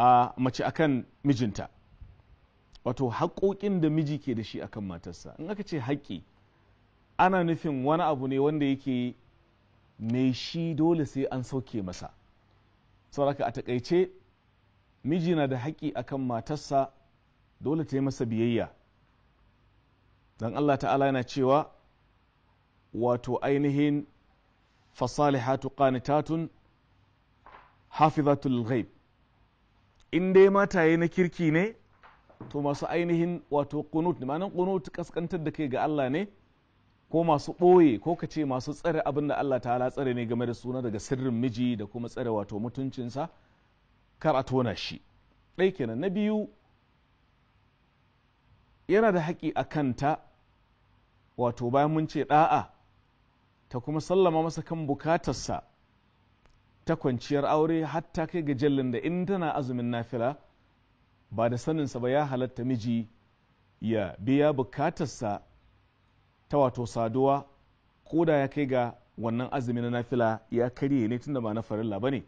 a mace akan mijinta wato haƙoƙin da miji ke da shi akan matarsa in aka ce haƙƙi ana nufin wani abu ne wanda yake mai shi dole sai an sauke masa sauraka a taƙaice miji na da haƙƙi akan matarsa dole ta yi masa biyayya don Allah ta'ala yana cewa wato ainihin fasalihatu qanitatun hafizatul ghaib in dai mataye na kirki ne to masu ainihin wato kunut ma'anin kunut kaskantar da kai ga Allah ne ko masu ɓoye ko ka ce masu tsare abin da Allah ta tsare ne game da suna daga sirrin miji da kuma tsare wato mutuncinsa kar a tona shi ɗai kenan na biyu yana da haƙi a kanta wato bayan mun ce ɗa'a ta kuma sallama masa kan bukatarsa ta kwanciyar aure hatta kai ga jallin da in tana azumin nafila ba da saninsa ba ya halatta miji ya biya bukatarsa ta wato saduwa ko da ya kai ga wannan azumin nafila ya karye ne tunda ba na farilla ba ne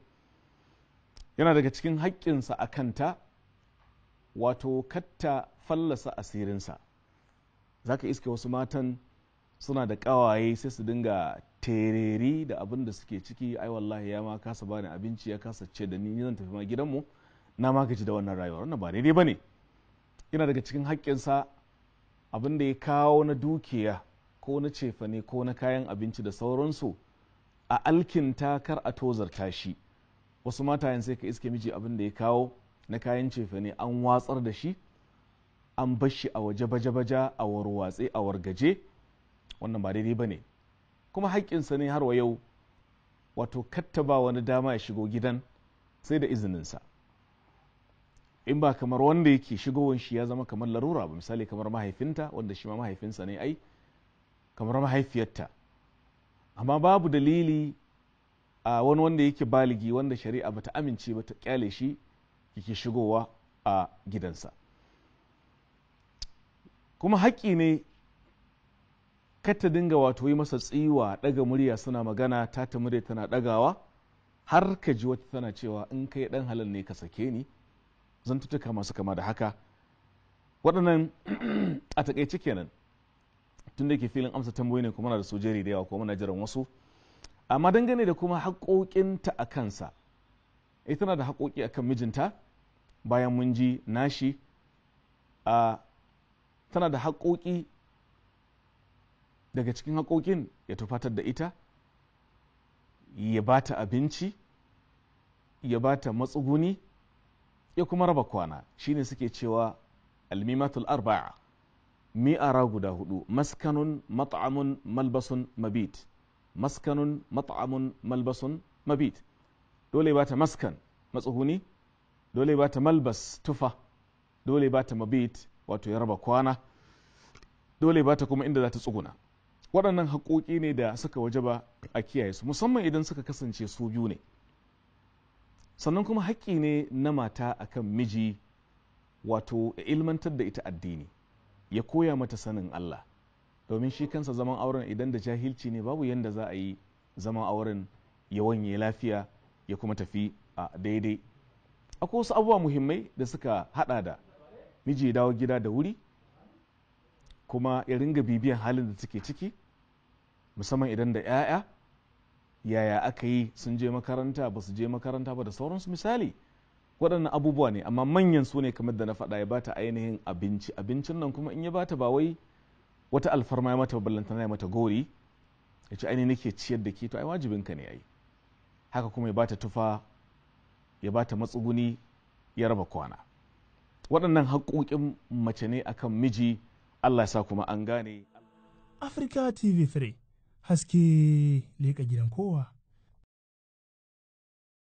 yana daga cikin haƙƙinsa a kanta wato katta fallasa asirinsa za ka iske wasu matan suna da kawaye sai su dinga tereri da abin da suke ciki ai wallahi ya ma kasa bani abinci ya kasa ce da ni zan tafi ma gidanmu na ma gaji da wannan rayuwar wannan ba dai bane yana daga cikin haƙƙinsa abin da ya kawo na dukiya ko na cefane ko na kayan abinci da sauransu a alkinta kar a tozarta shi wasu matayen sai ka iske miji abin da ya kawo na kayan cefane an watsar da shi an bashi a waje baja-baja a warwatse a wargaje wannan ba daidai ba ne kuma haƙƙinsa ne har wa yau wato kattaba wani dama ya shigo gidan sai da izininsa in ba kamar wanda yake shigowar shi ya zama kamar larura ba misali kamar mahaifinta wanda shi ma mahaifinsa ne ai kamar mahaifiyarta amma babu dalili a wani wanda yake baligi wanda shari'a bata amince ba ta kyale shi yake shigowa a gidansa kuma haƙƙi ne kar ta dinga wato yi masa tsiwa daga murya suna magana ta ta murya tana dagawa har ka ji wata tana cewa in kai dan halin ne ka sake ni tutuka masu kama da haka waɗannan a takaice kenan tun da ke filin amsa tambayoyi ne kuma na da sojeri da yawa kuma muna jiran wasu amma dangane da kuma haƙoƙinta a kansa ita eh, tana da haƙoƙi a kan mijinta bayan mun ji nashi ah, tana da haƙoƙi daga cikin haƙoƙin ya tufatar da ita ya ba ta abinci ya ba ta matsuguni ya kuma raba kwana shine suke cewa almimatul arba'a mi'ara guda hudu maskanun mat'amun malbasun mabit maskanun mat'amun malbasun mabit dole ba ta maskan matsuguni dole ba ta malbas tufa dole ba ta mabit wato ya raba kwana dole ba ta kuma inda za ta tsuguna waɗannan haƙoƙi ne da suka waje ba a kiyaye su musamman idan suka kasance su biyu ne sannan kuma haƙƙi ne na mata a kan miji wato ya ilmantar da ita addini ya koya mata sanin Allah domin shi kansa zaman auren idan da jahilci ne babu yadda za a yi zaman auren ya wanye lafiya ya kuma tafi a daidai akwai wasu abubuwa muhimmai da suka hada da miji ya dawo gida da wuri kuma ya ringa bibiyan halin da take ciki musamman idan da 'ya'ya yaya aka yi sun je makaranta ba su je makaranta ba da sauransu misali waɗannan abubuwa ne amma manyan su ne kamar da na faɗa ya bata ainihin abinci abincin nan kuma in ya bata ba wai wata alfarma ya mata ballantana ya mata gori ya ci ainihin nake ciyar da ke to ai wajibinka ne ai haka kuma ya bata tufa ya bata matsuguni ya raba kwana waɗannan haƙoƙin mace ne akan miji Allah ya sa kuma an gane Africa TV 3 haske leƙa gidan kowa